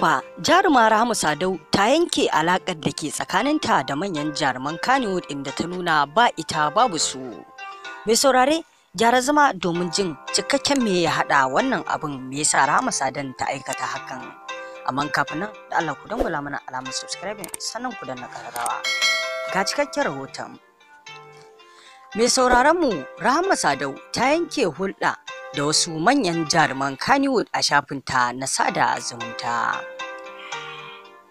fa jaruma Rahama Sadau ta yanke alakar da ke tsakaninta da manyan jaruman Kanewood inda ta nuna ba ita babu su. Mai saurare gyara zama domin jin cikakken me ya haɗa wannan abin me yasa Rahama Sadan ta aikata hakan. Amma kafin nan da Allah ku dangula mana alamar subscribing sannan ku danna karrawa. Ga cikakken rahoton. Mai sauraron mu Rahama Sadau ta yanke hulɗa da wasu manyan jaruman Kannywood a shafinta na sada zumunta.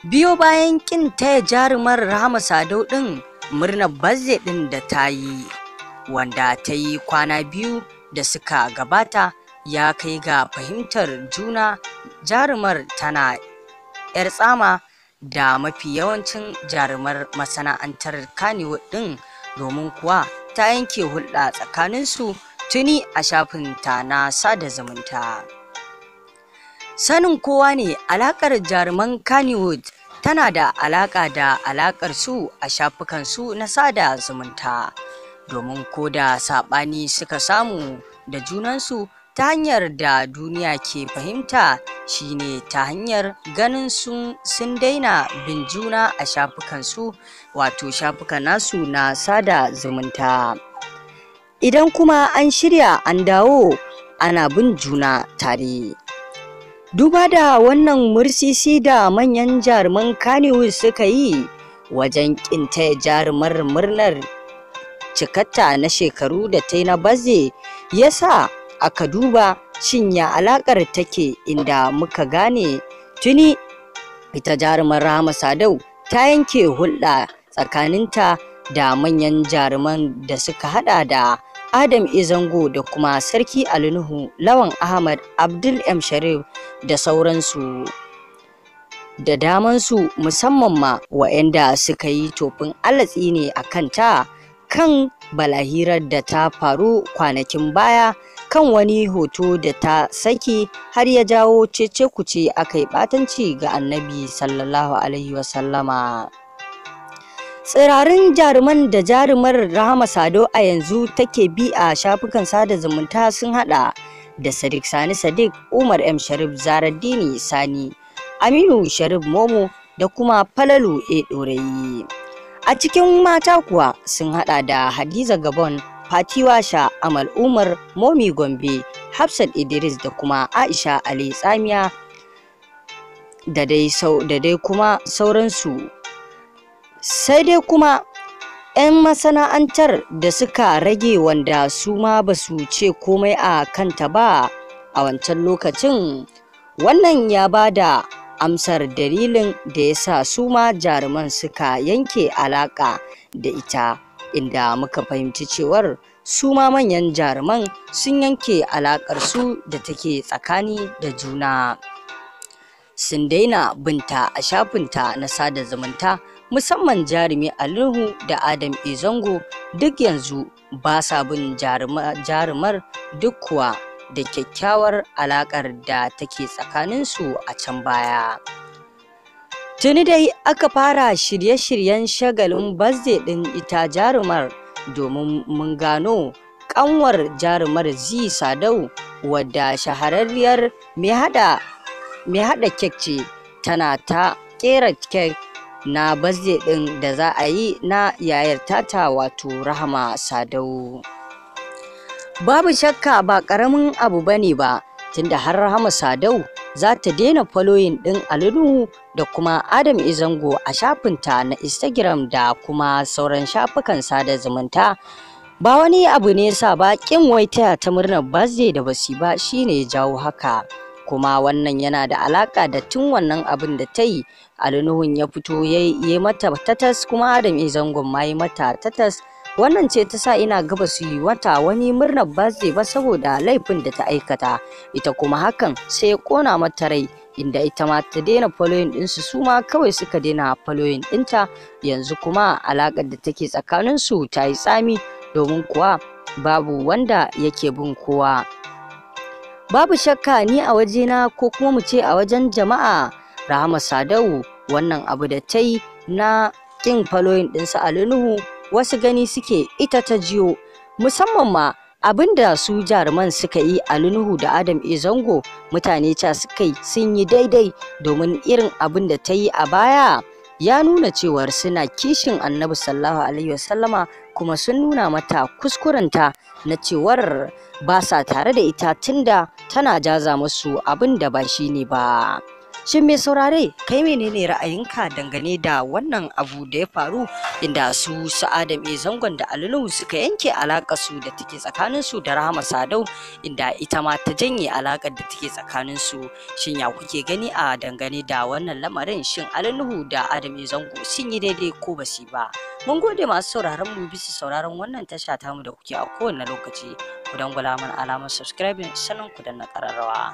Biyo bayan kin taya jarumar rama Sadau ɗin murnar bazze ɗin da ta yi, wanda ta yi kwana biyu da suka gabata ya kai ga fahimtar juna jarumar tana 'yar tsama da mafi yawancin jarumar masana'antar Kannywood ɗin domin kuwa ta yanke hulɗa tsakaninsu tuni a shafinta na sada zumunta. Sanin kowa ne alakar jaruman Kannywood tana da alaka da alakar su a shafukan su na sada zumunta domin ko da saɓani suka samu da junansu ta hanyar da duniya ke fahimta shine ta hanyar ganin sun sun daina bin juna a shafukan su wato shafukan nasu na sada zumunta. idan kuma an shirya an dawo ana bin juna tare. Duba da wannan mursisi da manyan jaruman Kannywood suka yi wajen ƙinta jarumar murnar cikatta na shekaru da ta na baze ya sa aka duba shinya alaƙar take inda muka gane tuni ita jarumar rama Sadau ta yanke hulɗa tsakaninta da manyan jaruman da suka hada da Adam Izango da kuma Sarki Alinuhu, Lawan Ahmad, Abdul M. Sharif da sauransu. Da damansu musamman ma waɗanda suka yi tofin alatsi ne a kanta kan balahirar da ta faru kwanakin baya kan wani hoto da ta saki har ya jawo cece kuce aka yi ɓatanci ga annabi sallallahu alaihi wasallama. tsirarin jaruman da jarumar rahama sado a yanzu take bi a shafukan sada zumunta sun hada da sadiq sani sadiq umar m sharif zaraddini sani aminu sharif momo da kuma falalu a dorayi a cikin mata kuwa sun hada da hadiza gabon fatiwasha amal umar momi gombe hafsat idris da kuma aisha ali tsamiya da dai kuma sauransu sai dai kuma 'yan masana'antar da suka rage wanda su ma ba su ce komai a kanta ba a wancan lokacin wannan ya ba da amsar dalilin da ya sa su ma jaruman suka yanke alaƙa da ita inda muka fahimci cewar su ma manyan jaruman sun yanke alaƙarsu da take tsakani da juna sun daina binta a shafinta na sada zumunta musamman jarumi alihu da adam izango duk yanzu ba sa bin jarumar duk kuwa da kyakkyawar alakar da take tsakaninsu a can baya tuni dai aka fara shirye-shiryen shagalin bazze din ita jarumar domin mun gano ƙanwar jarumar zi sadau wadda shahararriyar mai hada kek ce tana ta kera kek na birthday din da za a yi na yayar tata wato rahama sadau babu shakka ba karamin abu bane ba tunda har rahama sadau za ta daina following din alinu da kuma adam izango a shafinta na instagram da kuma sauran shafukan sada zumunta ba wani abu ne sa ba kin waitaya ta murnar birthday da basi ba shine ya jawo haka kuma wannan yana da alaka da tun wannan abin da ta yi alinuhun ya fito ya yi mata tatas kuma adam ya e. zangon ma yi mata tatas wannan ce ta sa ina gaba su yi wata wani murnar birthday ba saboda laifin da ta aikata ita kuma hakan sai ya kona mata rai inda ita ma ta daina following ɗinsu su ma kawai suka daina following ɗinta yanzu kuma alaƙar da take tsakaninsu ta yi tsami domin kuwa babu wanda yake bin kowa babu shakka ni a wajena ko kuma mu ce a wajen jama'a rahama sadau wannan abu da ta yi na kin faloyin ɗinsa a nuhu wasu gani suke ita ta jiyo musamman ma abin da su jaruman suka yi a nuhu da adam e mutane ca suka yi sun yi daidai domin irin abin da ta yi a baya ya nuna cewar suna kishin annabi sallallahu alaihi wasallama kuma sun nuna mata kuskurenta na cewar ba sa tare da ita tunda tana jaza musu abin da ba shi ne ba shin mai saurare kai menene ra'ayinka dangane da wannan abu da ya faru inda su sa'adam mai zangon da alulu suka yanke alaƙa su da take tsakanin su da rahama sadau inda ita ma ta janye alaƙar da take tsakanin su shin ya kuke gani a dangane da wannan lamarin shin alulu da adam zango sun yi daidai ko ba su ba mun gode masu sauraron mu bisa sauraron wannan tasha tamu da kuke a kowane lokaci ku dangwala mana alamar subscribing sannan ku danna ƙararrawa